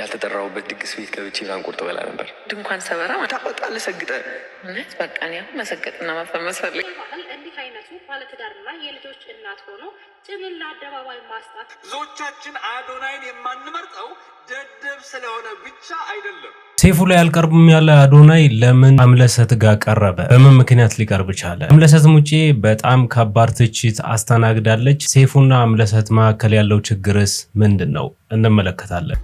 ያልተጠራውበት ድግስ ቤት ገብቼ ቁርጥ በላ ነበር። ድንኳን ሰበራ ታወጣለህ ለሰግጠ እውነት በቃ መሰገጥና መፈመስ ፈልግ እንዲህ አይነቱ ባለትዳርና የልጆች እናት ሆኖ ጭምን ለአደባባይ ማስጣት ብዙዎቻችን አዶናይን የማንመርጠው ደደብ ስለሆነ ብቻ አይደለም። ሴፉ ላይ አልቀርብም ያለ አዶናይ ለምን አምለሰት ጋር ቀረበ? በምን ምክንያት ሊቀርብ ቻለ? አምለሰትም ውጪ በጣም ከባድ ትችት አስተናግዳለች። ሴፉና አምለሰት መካከል ያለው ችግርስ ምንድን ነው? እንመለከታለን።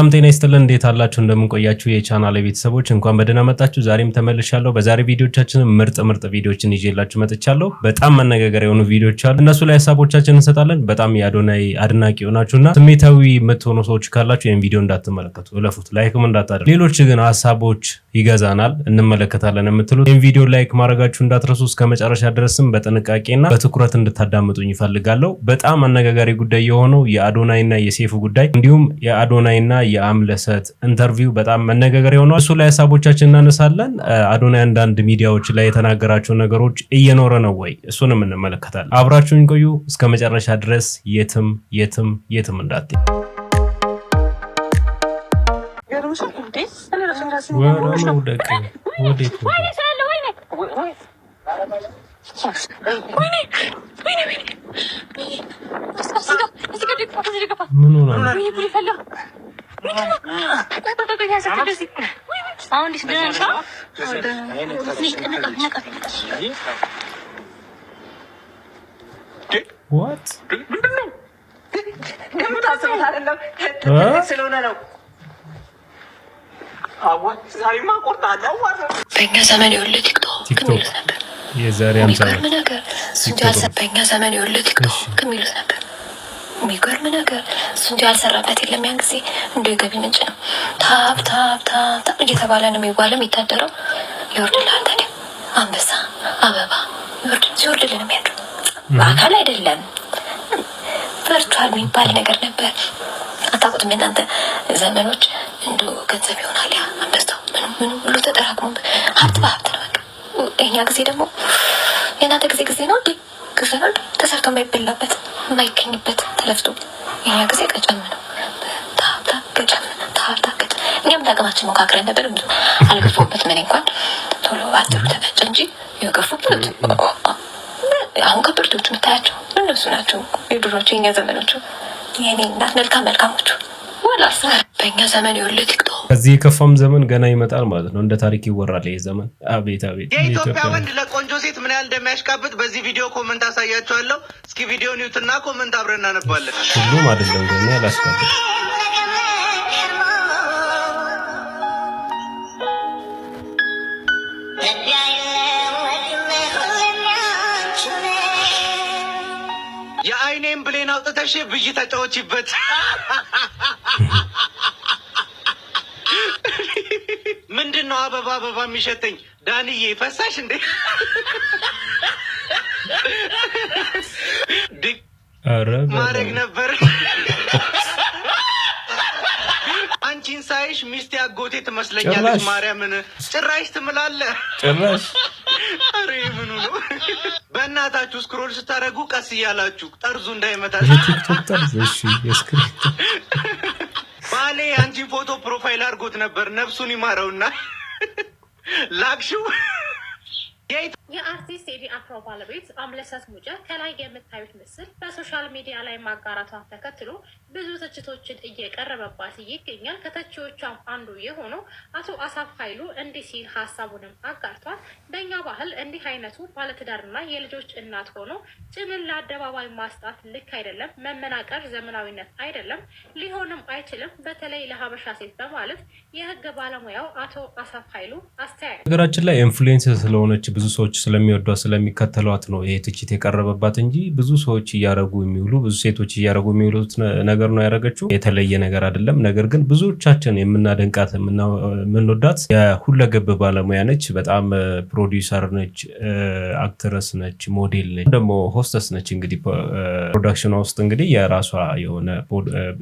ሰላም ጤና ይስጥልን። እንዴት አላችሁ? እንደምንቆያችሁ የቻናል ቤተሰቦች እንኳን በደህና መጣችሁ። ዛሬም ተመልሻለሁ። በዛሬ ቪዲዮቻችን ምርጥ ምርጥ ቪዲዮችን ይዤላችሁ መጥቻለሁ። በጣም መነጋገር የሆኑ ቪዲዮች አሉ። እነሱ ላይ ሀሳቦቻችን እንሰጣለን። በጣም የአዶናይ አድናቂ የሆናችሁና ስሜታዊ የምትሆኑ ሰዎች ካላችሁ ይህን ቪዲዮ እንዳትመለከቱ እለፉት፣ ላይክም እንዳታደርጉ። ሌሎች ግን ሀሳቦች ይገዛናል እንመለከታለን የምትሉት ይህን ቪዲዮ ላይክ ማድረጋችሁ እንዳትረሱ። እስከ መጨረሻ ድረስም በጥንቃቄና በትኩረት እንድታዳምጡኝ ይፈልጋለሁ። በጣም አነጋጋሪ ጉዳይ የሆነው የአዶናይና የሴፉ ጉዳይ እንዲሁም የአዶናይና የአምለሰት ኢንተርቪው በጣም መነጋገር የሆነው እሱ ላይ ሀሳቦቻችን እናነሳለን። አዶናይ አንዳንድ ሚዲያዎች ላይ የተናገራቸው ነገሮች እየኖረ ነው ወይ እሱንም እንመለከታለን። አብራችሁን ቆዩ እስከ መጨረሻ ድረስ የትም የትም የትም እንዳት ምን በእኛ ዘመን የወለ ቲክቶክ የሚሉት ነበር። የዛሬ አምሳ ዘመን የወለ ቲክቶክ የሚሉት ነበር። የሚገርም ነገር እሱ እንዲ ያልሰራበት የለም። ያን ጊዜ እንዲ የገቢ ምንጭ ነው። ታብ ታብ ታብ ታብ እየተባለ ነው የሚባለው የሚታደረው። ይወርድልሃል ታዲያ አንበሳ አበባ ይወርድ ሲወርድልን የሚያድሩ በአካል አይደለም ቨርቹዋል የሚባል ነገር ነበር። አታውቁትም የእናንተ ዘመኖች እንዲ ገንዘብ ይሆናል። ያ አንበሳው ምንም ሁሉ ተጠራቅሞ ሀብት በሀብት ነው በቃ። የኛ ጊዜ ደግሞ የእናንተ ጊዜ ጊዜ ነው እንዴ? ክፍል ተሰርቶ የማይበላበት የማይገኝበት ተለፍቶ የኛ ጊዜ ቀጨም ነው። ታብታ ቀጨም ታብታ ቀጨም። እኛም ታቅማችን መካክረን ነበር። ብዙ አልገፉበት ምን እንኳን ቶሎ አጥሩ ተቀጨ እንጂ የገፉበት አሁን ከብርቶቹ የምታያቸው እነሱ ናቸው። የድሮቹ የኛ ዘመኖቹ የኔ እናት መልካም መልካሞቹ በእኛ ዘመን ይኸውልህ ቲክቶክ ከዚህ የከፋም ዘመን ገና ይመጣል ማለት ነው። እንደ ታሪክ ይወራል ይህ ዘመን። አቤት አቤት! የኢትዮጵያ ወንድ ለቆንጆ ሴት ምን ያህል እንደሚያሽቃብጥ በዚህ ቪዲዮ ኮመንት አሳያቸዋለሁ። እስኪ ቪዲዮ ኒውትና ኮመንት አብረን እናነባለን። ሁሉም አይደለም ገና ያላሽቃብጥ አውጥተሽ ብይ ተጫወቺበት። ምንድን ነው አበባ አበባ የሚሸተኝ ዳንዬ ፈሳሽ እንዴ? ማድረግ ነበር። አንቺን ሳይሽ ሚስቴ አጎቴ ትመስለኛለች። ማርያምን ጭራሽ ትምላለህ ጭራሽ ምኑ ነው? በእናታችሁ ስክሮል ስታደርጉ ቀስ እያላችሁ ጠርዙ እንዳይመታ። የቲክቶክ ባሌ አንቺን ፎቶ ፕሮፋይል አድርጎት ነበር። ነፍሱን ይማረውና ላክሽው። የአርቲስት ኤዲ አፍሮ ባለቤት አምለሰት ሙጬ ከላይ የምታዩት ምስል በሶሻል ሚዲያ ላይ ማጋራቷን ተከትሎ ብዙ ትችቶችን እየቀረበባት ይገኛል። ከተቺዎቿም አንዱ የሆነው አቶ አሳፍ ኃይሉ እንዲህ ሲል ሀሳቡንም አጋርቷል። በእኛ ባህል እንዲህ አይነቱ ባለትዳርና የልጆች እናት ሆኖ ጭምን ለአደባባይ ማስጣት ልክ አይደለም። መመናቀር ዘመናዊነት አይደለም፣ ሊሆንም አይችልም። በተለይ ለሀበሻ ሴት በማለት የህግ ባለሙያው አቶ አሳፍ ኃይሉ አስተያየት ነገራችን ላይ ኢንፍሉዌንስ ስለሆነች ብዙ ሰዎች ስለሚወዷት ስለሚከተሏት ነው ይህ ትችት የቀረበባት እንጂ ብዙ ሰዎች እያረጉ የሚውሉ ብዙ ሴቶች እያረጉ የሚውሉት ነገር ነገር ነው ያደረገችው። የተለየ ነገር አይደለም። ነገር ግን ብዙዎቻችን የምናደንቃት የምንወዳት የሁለገብ ባለሙያ ነች። በጣም ፕሮዲውሰር ነች፣ አክትረስ ነች፣ ሞዴል ነች፣ ደግሞ ሆስተስ ነች። እንግዲህ ፕሮዳክሽኗ ውስጥ እንግዲህ የራሷ የሆነ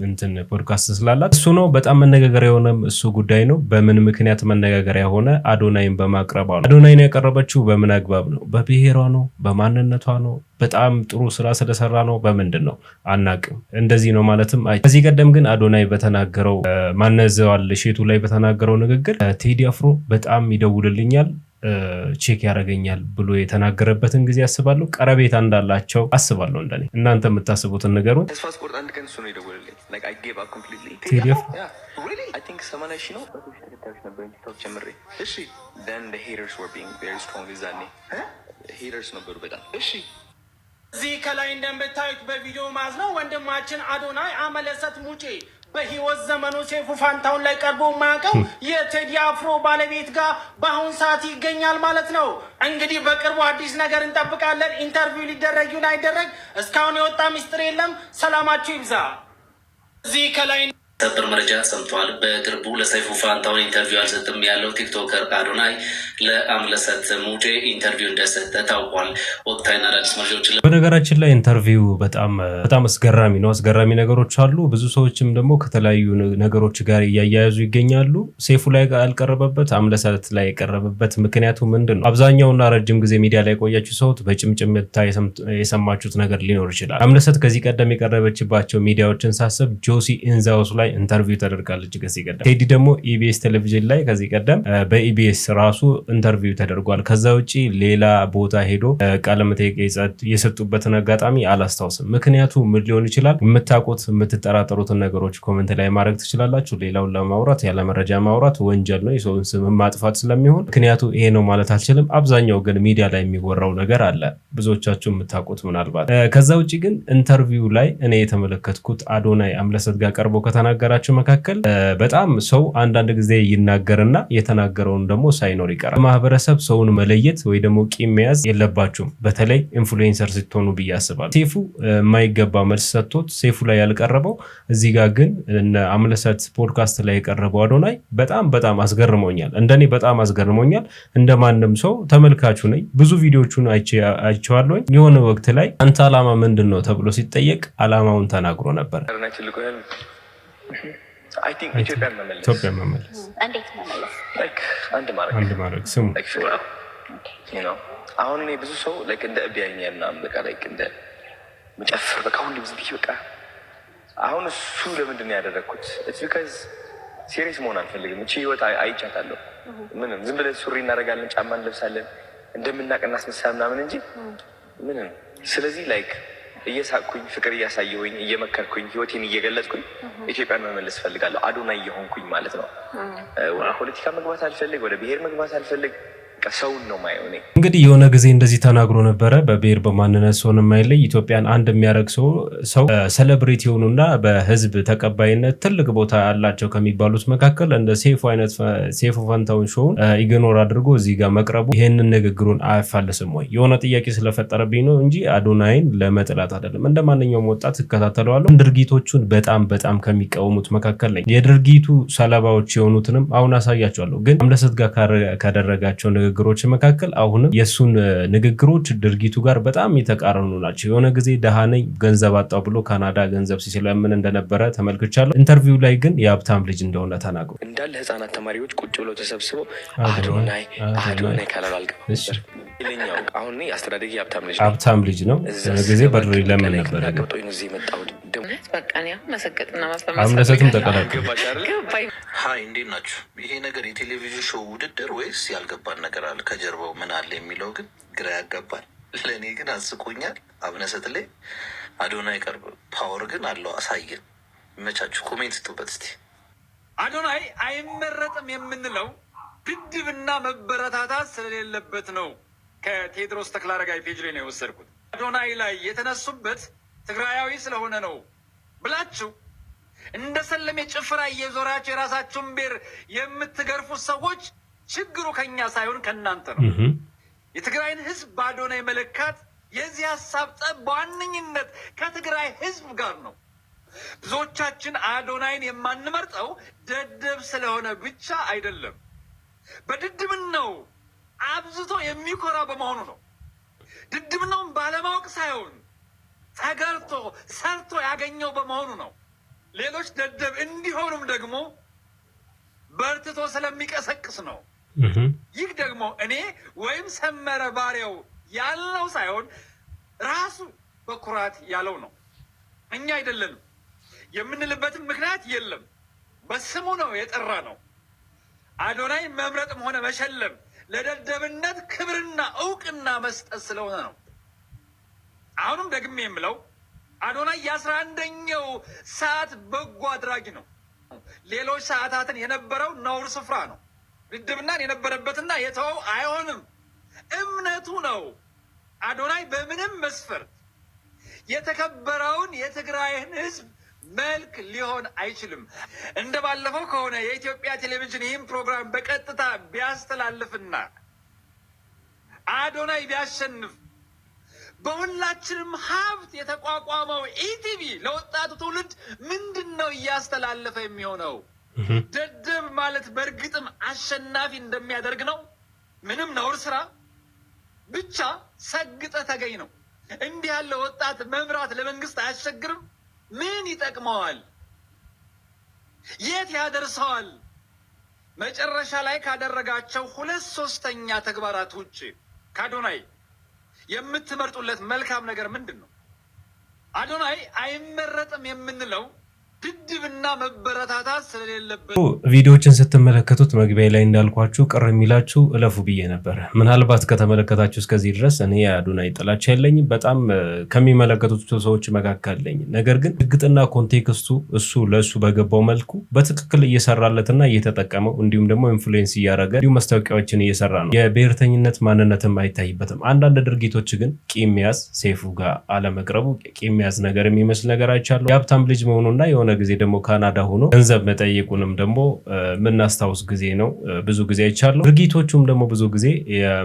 እንትን ፖድካስት ስላላት እሱ ነው በጣም መነጋገሪያ የሆነ እሱ ጉዳይ ነው። በምን ምክንያት መነጋገሪያ የሆነ አዶናይን በማቅረቧ ነው። አዶናይን ያቀረበችው በምን አግባብ ነው? በብሔሯ ነው? በማንነቷ ነው? በጣም ጥሩ ስራ ስለሰራ ነው በምንድን ነው አናቅም። እንደዚህ ነው ማለትም ከዚህ ቀደም ግን አዶናይ በተናገረው ማነዘዋል ሼቱ ላይ በተናገረው ንግግር ቴዲ አፍሮ በጣም ይደውልልኛል ቼክ ያደርገኛል ብሎ የተናገረበትን ጊዜ አስባለሁ። ቀረቤታ እንዳላቸው አስባለሁ። እንደኔ እናንተ የምታስቡትን ነገሩን ነበሩ በጣም እዚህ ከላይ እንደምታዩት በቪዲዮ ማዝ ነው ወንድማችን አዶናይ አመለሰት ሙጬ በህይወት ዘመኑ ሴፉ ፋንታውን ላይ ቀርቦ የማያውቀው የቴዲ አፍሮ ባለቤት ጋር በአሁን ሰዓት ይገኛል ማለት ነው። እንግዲህ በቅርቡ አዲስ ነገር እንጠብቃለን። ኢንተርቪው ሊደረግ ይሁን አይደረግ እስካሁን የወጣ ሚስጥር የለም። ሰላማችሁ ይብዛ። እዚህ ከላይ ሰበር መረጃ ሰምቷል። በቅርቡ ለሰይፉ ፋንታውን ኢንተርቪው አልሰጥም ያለው ቲክቶከር አዶናይ ለአምለሰት ሙዴ ኢንተርቪው እንደሰጠ ታውቋል። ወቅታዊና አዳዲስ መረጃዎች። በነገራችን ላይ ኢንተርቪው በጣም በጣም አስገራሚ ነው። አስገራሚ ነገሮች አሉ። ብዙ ሰዎችም ደግሞ ከተለያዩ ነገሮች ጋር እያያያዙ ይገኛሉ። ሴፉ ላይ ያልቀረበበት አምለሰት ላይ የቀረበበት ምክንያቱ ምንድን ነው? አብዛኛውና ረጅም ጊዜ ሚዲያ ላይ የቆያችሁ ሰዎች በጭምጭምታ የሰማችሁት ነገር ሊኖር ይችላል። አምለሰት ከዚህ ቀደም የቀረበችባቸው ሚዲያዎችን ሳስብ ጆሲ ኢንዛውስ ላይ ላይ ኢንተርቪው ተደርጋለች ከዚህ ቀደም። ቴዲ ደግሞ ኢቢኤስ ቴሌቪዥን ላይ ከዚህ ቀደም በኢቢኤስ ራሱ ኢንተርቪው ተደርጓል። ከዛ ውጭ ሌላ ቦታ ሄዶ ቃለ መጠይቅ የሰጡበትን አጋጣሚ አላስታውስም። ምክንያቱ ምን ሊሆን ይችላል? የምታውቁት የምትጠራጠሩትን ነገሮች ኮመንት ላይ ማድረግ ትችላላችሁ። ሌላውን ለማውራት ያለ መረጃ ማውራት ወንጀል ነው፣ የሰውን ስም ማጥፋት ስለሚሆን ምክንያቱ ይሄ ነው ማለት አልችልም። አብዛኛው ግን ሚዲያ ላይ የሚወራው ነገር አለ፣ ብዙዎቻችሁ የምታውቁት ምናልባት። ከዛ ውጭ ግን ኢንተርቪው ላይ እኔ የተመለከትኩት አዶናይ አምለሰት ጋር ቀርቦ ከተናገ ከሚናገራቸው መካከል በጣም ሰው አንዳንድ ጊዜ ይናገርና የተናገረውን ደግሞ ሳይኖር ይቀራል። ማህበረሰብ ሰውን መለየት ወይ ደግሞ ቂም መያዝ የለባችሁም፣ በተለይ ኢንፍሉዌንሰር ስትሆኑ ብዬ አስባለሁ። ሴፉ የማይገባ መልስ ሰጥቶት ሴፉ ላይ ያልቀረበው እዚህ ጋር ግን አምለሰት ፖድካስት ላይ የቀረበው አዶናይ በጣም በጣም አስገርሞኛል። እንደኔ በጣም አስገርሞኛል። እንደ ማንም ሰው ተመልካቹ ነኝ። ብዙ ቪዲዮቹን አይቼዋለሁኝ። የሆነ ወቅት ላይ አንተ አላማ ምንድን ነው ተብሎ ሲጠየቅ አላማውን ተናግሮ ነበር። ኢትዮጵያ መመለስ አንድ ማድረግ ስሙ አሁን እኔ ብዙ ሰው እንደ እቢያኛ ምናምን በቃ እንደ መጨፍር በቃ ሁሌ ብዙ ብዬ በቃ አሁን እሱ ለምንድን ነው ያደረግኩት? ቢካዝ ሴሪየስ መሆን አልፈልግም። እቺ ህይወት አይቻታለሁ። ምንም ዝም ብለን ሱሪ እናደርጋለን፣ ጫማ እንለብሳለን፣ እንደምናቅ እናስመሳ ምናምን እንጂ ምንም ስለዚህ ላይክ እየሳቅኩኝ ፍቅር እያሳየሁኝ እየመከርኩኝ ህይወቴን እየገለጥኩኝ ኢትዮጵያን መመለስ እፈልጋለሁ። አዶና እየሆንኩኝ ማለት ነው። ፖለቲካ መግባት አልፈልግ፣ ወደ ብሄር መግባት አልፈልግ ሰውን ነው ማየው። እኔ እንግዲህ የሆነ ጊዜ እንደዚህ ተናግሮ ነበረ። በብሔር በማንነት ሰውን የማይለይ ኢትዮጵያን አንድ የሚያደርግ ሰው ሰው ሴሌብሬቲ የሆኑና በህዝብ ተቀባይነት ትልቅ ቦታ ያላቸው ከሚባሉት መካከል እንደ ሴፉ አይነት ሴፉ ፈንታውን ሾውን ኢግኖር አድርጎ እዚህ ጋር መቅረቡ ይህንን ንግግሩን አያፋልስም ወይ? የሆነ ጥያቄ ስለፈጠረብኝ ነው እንጂ አዶናይን ለመጥላት አይደለም። እንደ ማንኛውም ወጣት እከታተለዋለሁ። ድርጊቶቹን በጣም በጣም ከሚቃወሙት መካከል ነኝ። የድርጊቱ ሰለባዎች የሆኑትንም አሁን አሳያቸዋለሁ። ግን አምለሰት ጋር ካደረጋቸው ንግግር ንግግሮች መካከል አሁንም የእሱን ንግግሮች ድርጊቱ ጋር በጣም የተቃረኑ ናቸው። የሆነ ጊዜ ደሃ ነኝ ገንዘብ አጣው ብሎ ካናዳ ገንዘብ ሲለምን እንደነበረ ተመልክቻለሁ። ኢንተርቪው ላይ ግን የሀብታም ልጅ እንደሆነ ተናግሮ እንዳለ ህጻናት ተማሪዎች ቁጭ ብለው ተሰብስበው አዶናይ አዶናይ ካላሉ አልገባም ነበር። አሁን አስተዳደጊ ሀብታም ልጅ ነው። ሀብታም ልጅ ነው። ጊዜ በድሮ ይለምን ነበር። እምነትም ተቀላቀለኝ። ሀይ እንዴት ናችሁ? ይሄ ነገር የቴሌቪዥን ሾው ውድድር ወይስ ያልገባን ነገር አለ ከጀርባው ምን አለ የሚለው ግን ግራ ያጋባል። ለእኔ ግን አስቆኛል። አብነሰት ላይ አዶናይ ቀርብ ፓወር ግን አለው አሳየን። መቻችሁ ኮሜንት ስጡበት እስቲ። አዶናይ አይመረጥም የምንለው ድድብና መበረታታት ስለሌለበት ነው። ከቴድሮስ ተክለአረጋይ ፔጅ ላይ ነው የወሰድኩት። አዶናይ ላይ የተነሱበት ትግራያዊ ስለሆነ ነው ብላችሁ እንደ ሰለሜ ጭፍራ እየዞራችሁ የራሳችሁን ብሔር የምትገርፉት ሰዎች ችግሩ ከኛ ሳይሆን ከእናንተ ነው። የትግራይን ህዝብ ባዶና የመለካት የዚህ ሀሳብ ጠብ በዋነኝነት ከትግራይ ህዝብ ጋር ነው። ብዙዎቻችን አዶናይን የማንመርጠው ደደብ ስለሆነ ብቻ አይደለም፣ በድድብናው አብዝቶ የሚኮራ በመሆኑ ነው። ድድብናውን ባለማወቅ ሳይሆን ተገርቶ ሰርቶ ያገኘው በመሆኑ ነው። ሌሎች ደደብ እንዲሆኑም ደግሞ በርትቶ ስለሚቀሰቅስ ነው። ይህ ደግሞ እኔ ወይም ሰመረ ባሪያው ያለው ሳይሆን ራሱ በኩራት ያለው ነው። እኛ አይደለንም የምንልበትም ምክንያት የለም። በስሙ ነው የጠራ ነው። አዶናይ መምረጥም ሆነ መሸለም ለደደብነት ክብርና እውቅና መስጠት ስለሆነ ነው። አሁንም ደግሜ የምለው አዶናይ የአስራ አንደኛው ሰዓት በጎ አድራጊ ነው። ሌሎች ሰዓታትን የነበረው ነውር ስፍራ ነው። ድድብናን የነበረበትና የተወው አይሆንም። እምነቱ ነው። አዶናይ በምንም መስፈርት የተከበረውን የትግራይን ህዝብ መልክ ሊሆን አይችልም። እንደ ባለፈው ከሆነ የኢትዮጵያ ቴሌቪዥን ይህን ፕሮግራም በቀጥታ ቢያስተላልፍና አዶናይ ቢያሸንፍ በሁላችንም ሀብት የተቋቋመው ኢቲቪ ለወጣቱ ትውልድ ምንድን ነው እያስተላለፈ የሚሆነው? ደደብ ማለት በእርግጥም አሸናፊ እንደሚያደርግ ነው። ምንም ነውር ስራ ብቻ ሰግጠ ተገኝ ነው። እንዲህ ያለ ወጣት መምራት ለመንግስት አያስቸግርም? ምን ይጠቅመዋል? የት ያደርሰዋል? መጨረሻ ላይ ካደረጋቸው ሁለት ሶስተኛ ተግባራት ውጭ ካዶናይ የምትመርጡለት መልካም ነገር ምንድን ነው? አዶናይ አይመረጥም የምንለው ድድብና መበረታታት ስለሌለበት ቪዲዮዎችን ስትመለከቱት መግቢያ ላይ እንዳልኳችሁ ቅር የሚላችሁ እለፉ ብዬ ነበረ። ምናልባት ከተመለከታችሁ እስከዚህ ድረስ እኔ የአዶናይ ጥላቻ የለኝም፣ በጣም ከሚመለከቱት ሰዎች መካከል ነገር ግን ድግጥና ኮንቴክስቱ እሱ ለእሱ በገባው መልኩ በትክክል እየሰራለትና እየተጠቀመው እንዲሁም ደግሞ ኢንፍሉዌንስ እያደረገ እንዲሁም ማስታወቂያዎችን እየሰራ ነው። የብሔርተኝነት ማንነትም አይታይበትም። አንዳንድ ድርጊቶች ግን ቂም ያዝ ሴፉ ጋር አለመቅረቡ ቂም ያዝ ነገር የሚመስል ነገር አይቻለሁ። የሀብታም ልጅ መሆኑና የሆነ የሆነ ጊዜ ደግሞ ካናዳ ሆኖ ገንዘብ መጠየቁንም ደግሞ የምናስታውስ ጊዜ ነው። ብዙ ጊዜ አይቻለሁ። ድርጊቶቹም ደግሞ ብዙ ጊዜ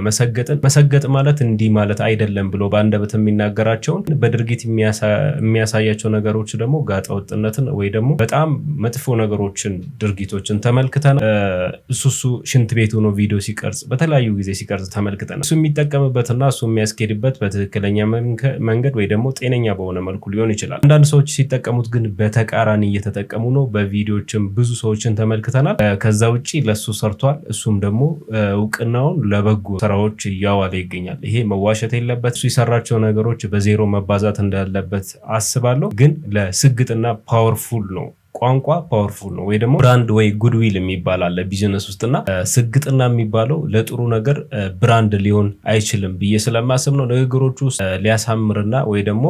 መሰገጥን መሰገጥ ማለት እንዲህ ማለት አይደለም ብሎ በአንደበት የሚናገራቸውን በድርጊት የሚያሳያቸው ነገሮች ደግሞ ጋጠ ወይ ደግሞ በጣም መጥፎ ነገሮችን ድርጊቶችን ተመልክተን እሱሱ ሽንት ቤት ሆኖ ቪዲዮ ሲቀርጽ በተለያዩ ጊዜ ሲቀርጽ ተመልክተናል። እሱ የሚጠቀምበትና እሱ የሚያስኬድበት በትክክለኛ መንገድ ወይ ደግሞ ጤነኛ በሆነ መልኩ ሊሆን ይችላል። አንዳንድ ሰዎች ሲጠቀሙት ግን በተቃራ ተቃራኒ እየተጠቀሙ ነው። በቪዲዮችን ብዙ ሰዎችን ተመልክተናል። ከዛ ውጭ ለሱ ሰርቷል። እሱም ደግሞ እውቅናውን ለበጎ ስራዎች እያዋለ ይገኛል። ይሄ መዋሸት የለበት። እሱ የሰራቸው ነገሮች በዜሮ መባዛት እንዳለበት አስባለሁ። ግን ለስግጥና ፓወርፉል ነው። ቋንቋ ፓወርፉል ነው ወይ ደግሞ ብራንድ ወይ ጉድዊል የሚባል አለ ቢዝነስ ውስጥና ስግጥና የሚባለው ለጥሩ ነገር ብራንድ ሊሆን አይችልም ብዬ ስለማስብ ነው። ንግግሮቹ ውስጥ ሊያሳምርና ወይ ደግሞ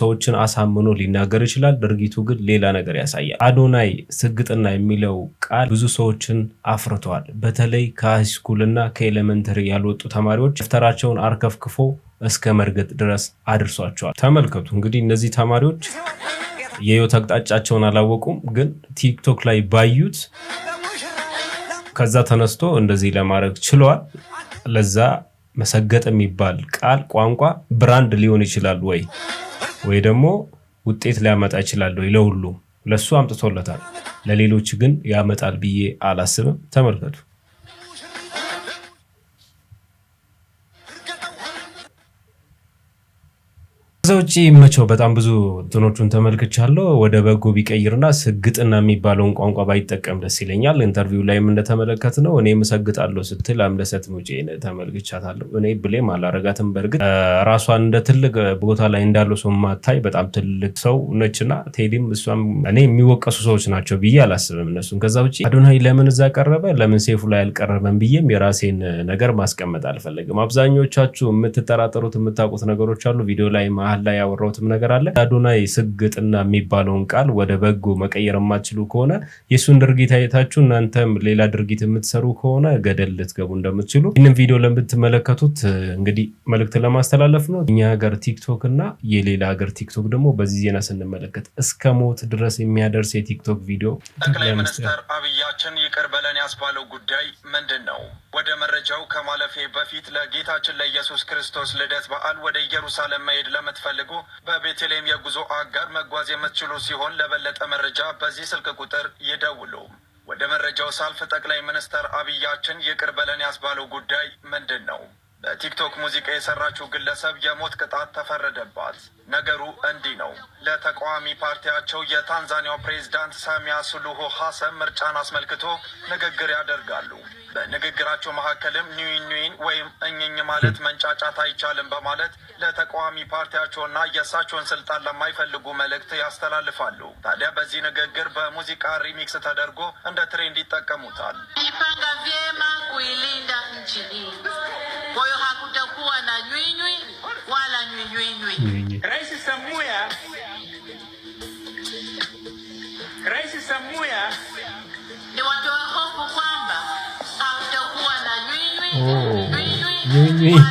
ሰዎችን አሳምኖ ሊናገር ይችላል። ድርጊቱ ግን ሌላ ነገር ያሳያል። አዶናይ ስግጥና የሚለው ቃል ብዙ ሰዎችን አፍርተዋል። በተለይ ከሃይስኩል ከኤሌመንተሪ ያልወጡ ተማሪዎች ደብተራቸውን አርከፍክፎ እስከ መርገጥ ድረስ አድርሷቸዋል። ተመልከቱ እንግዲህ እነዚህ ተማሪዎች የህይወት አቅጣጫቸውን አላወቁም፣ ግን ቲክቶክ ላይ ባዩት ከዛ ተነስቶ እንደዚህ ለማድረግ ችሏል። ለዛ መሰገጥ የሚባል ቃል ቋንቋ ብራንድ ሊሆን ይችላል ወይ ወይ ደግሞ ውጤት ሊያመጣ ይችላል ወይ? ለሁሉም ለሱ አምጥቶለታል፣ ለሌሎች ግን ያመጣል ብዬ አላስብም። ተመልከቱ። ውጭ መቸው በጣም ብዙ እንትኖቹን ተመልክቻለሁ። ወደ በጎ ቢቀይርና ስግጥና የሚባለውን ቋንቋ ባይጠቀም ደስ ይለኛል። ኢንተርቪው ላይም እንደተመለከት ነው እኔ ምሰግጣለሁ ስትል አምለሰት ሙጬ ተመልክቻታለሁ። እኔ ብሌም አላረጋትም። በእርግጥ ራሷን እንደ ትልቅ ቦታ ላይ እንዳለው ሰው ማታይ በጣም ትልቅ ሰው ነችና ቴዲም እሷም እኔ የሚወቀሱ ሰዎች ናቸው ብዬ አላስብም እነሱን። ከዛ ውጭ አዶናይ ለምን እዛ ቀረበ ለምን ሴፉ ላይ አልቀረበም ብዬም የራሴን ነገር ማስቀመጥ አልፈለግም። አብዛኞቻችሁ የምትጠራጠሩት የምታውቁት ነገሮች አሉ ቪዲዮ ላይ መሀል ላይ ላይ ያወራሁትም ነገር አለ። አዶናይ ስግጥና የሚባለውን ቃል ወደ በጎ መቀየር የማትችሉ ከሆነ የእሱን ድርጊት አይታችሁ እናንተም ሌላ ድርጊት የምትሰሩ ከሆነ ገደል ልትገቡ እንደምትችሉ ይህንን ቪዲዮ ለምትመለከቱት እንግዲህ መልእክት ለማስተላለፍ ነው። እኛ ሀገር ቲክቶክ እና የሌላ ሀገር ቲክቶክ ደግሞ በዚህ ዜና ስንመለከት እስከ ሞት ድረስ የሚያደርስ የቲክቶክ ቪዲዮ ጠቅላይ ሚኒስትር አብያችን ይቅር በለን ያስባለው ጉዳይ ምንድን ነው? ወደ መረጃው ከማለፌ በፊት ለጌታችን ለኢየሱስ ክርስቶስ ልደት በዓል ወደ ኢየሩሳሌም መሄድ ለምትፈልጉ በቤተልሔም የጉዞ አጋር መጓዝ የምትችሉ ሲሆን ለበለጠ መረጃ በዚህ ስልክ ቁጥር ይደውሉ። ወደ መረጃው ሳልፍ ጠቅላይ ሚኒስትር አብያችን ይቅር በለን ያስባለው ጉዳይ ምንድን ነው? በቲክቶክ ሙዚቃ የሰራችው ግለሰብ የሞት ቅጣት ተፈረደባት። ነገሩ እንዲህ ነው። ለተቃዋሚ ፓርቲያቸው የታንዛኒያው ፕሬዚዳንት ሳሚያ ስሉሁ ሀሰን ምርጫን አስመልክቶ ንግግር ያደርጋሉ። በንግግራቸው መካከልም ኒኒን ወይም እኝኝ ማለት መንጫጫት አይቻልም በማለት ለተቃዋሚ ፓርቲያቸውና የእሳቸውን ስልጣን ለማይፈልጉ መልእክት ያስተላልፋሉ። ታዲያ በዚህ ንግግር በሙዚቃ ሪሚክስ ተደርጎ እንደ ትሬንድ ይጠቀሙታል። Rais Samia 오, 어. 유인유인.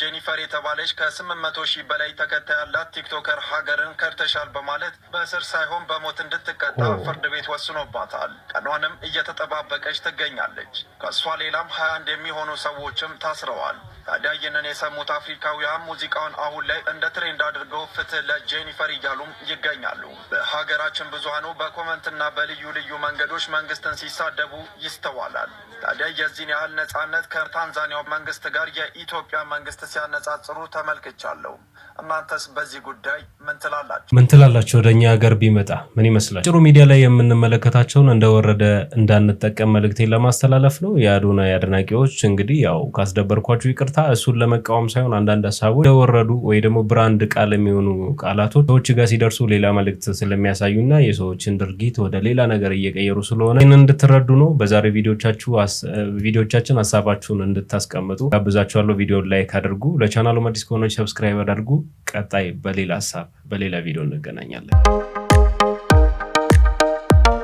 ጄኒፈር የተባለች ከስምንት መቶ ሺህ በላይ ተከታይ ያላት ቲክቶከር ሀገርን ከርተሻል በማለት በእስር ሳይሆን በሞት እንድትቀጣ ፍርድ ቤት ወስኖባታል። ቀኗንም እየተጠባበቀች ትገኛለች። ከእሷ ሌላም ሀያ አንድ የሚሆኑ ሰዎችም ታስረዋል። ታዲያ ይህንን የሰሙት አፍሪካውያን ሙዚቃውን አሁን ላይ እንደ ትሬንድ አድርገው ፍትህ ለጄኒፈር እያሉም ይገኛሉ። በሀገራችን ብዙሀኑ በኮመንትና በልዩ ልዩ መንገዶች መንግስትን ሲሳደቡ ይስተዋላል። ታዲያ የዚህን ያህል ነጻነት ከታንዛኒያው መንግስት ጋር የኢትዮጵያ መንግስት ሲያነጻጽሩ ተመልክቻለሁ። እናንተስ በዚህ ጉዳይ ምን ትላላችሁ? ምን ትላላችሁ? ወደ እኛ ሀገር ቢመጣ ምን ይመስላል? ጭሩ ሚዲያ ላይ የምንመለከታቸውን እንደወረደ እንዳንጠቀም መልእክቴን ለማስተላለፍ ነው። የአዶናይ አድናቂዎች እንግዲህ ያው ካስደበርኳችሁ ይቅርታ። እሱን ለመቃወም ሳይሆን አንዳንድ ሀሳቦች እንደወረዱ ወይ ደግሞ ብራንድ ቃል የሚሆኑ ቃላቶች ሰዎች ጋር ሲደርሱ ሌላ መልእክት ስለሚያሳዩና የሰዎችን ድርጊት ወደ ሌላ ነገር እየቀየሩ ስለሆነ ይህን እንድትረዱ ነው። በዛሬ ቪዲዮቻችን ሀሳባችሁን እንድታስቀምጡ ጋብዛችኋለሁ። ቪዲዮ ላይክ አድርጉ። ለቻናሉ አዲስ ከሆነች ሰብስክራይብ አድርጉ። ቀጣይ በሌላ ሀሳብ በሌላ ቪዲዮ እንገናኛለን።